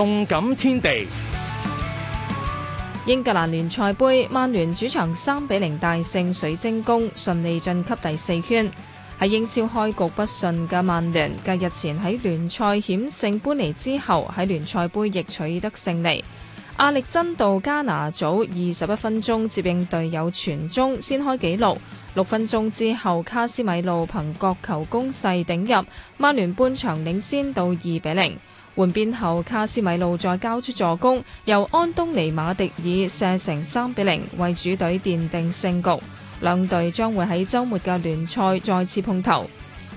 動感天地，英格蘭聯賽盃，曼聯主場三比零大勝水晶宮，順利晉級第四圈。喺英超開局不順嘅曼聯，繼日前喺聯賽險勝般尼之後，喺聯賽盃亦取得勝利。阿歷真度加拿祖二十一分鐘接應隊友傳中，先開紀錄。六分鐘之後，卡斯米路憑角球攻勢頂入，曼聯半場領先到二比零。換邊後，卡斯米路再交出助攻，由安東尼馬迪爾射成三比零，為主隊奠定勝局。兩隊將會喺周末嘅聯賽再次碰頭。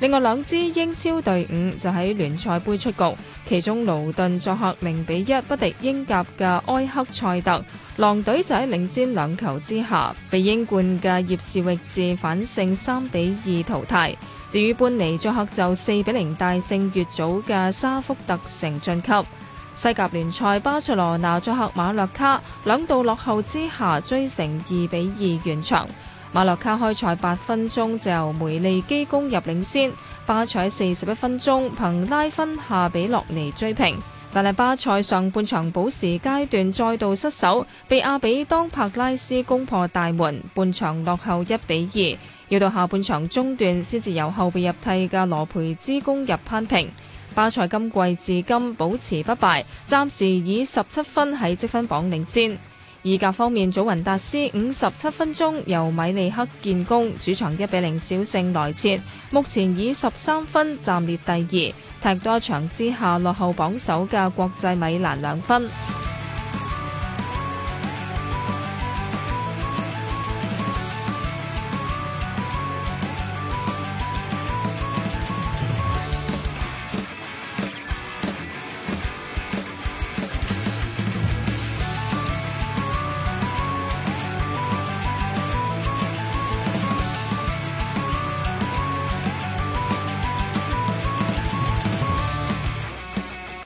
另外兩支英超隊伍就喺聯賽杯出局，其中盧頓作客零比一不敵英甲嘅埃克塞特，狼隊就喺領先兩球之下，被英冠嘅葉士域治反勝三比二淘汰。至於班尼作客就四比零大勝乙組嘅沙福德城晉級。西甲聯賽巴塞羅那作客馬略卡，兩度落後之下追成二比二完場。馬洛卡開賽八分鐘就由梅利基攻入領先，巴塞四十一分鐘憑拉芬下比洛尼追平，但係巴塞上半場補時階段再度失守，被阿比當柏拉斯攻破大門，半場落後一比二，要到下半場中段先至由後備入替嘅羅培茲攻入攀平。巴塞今季至今保持不敗，暫時以十七分喺積分榜領先。意甲方面，祖雲達斯五十七分鐘由米利克建功，主場一比零小勝來切，目前以十三分暫列第二，踢多一場之下落後榜首嘅國際米蘭兩分。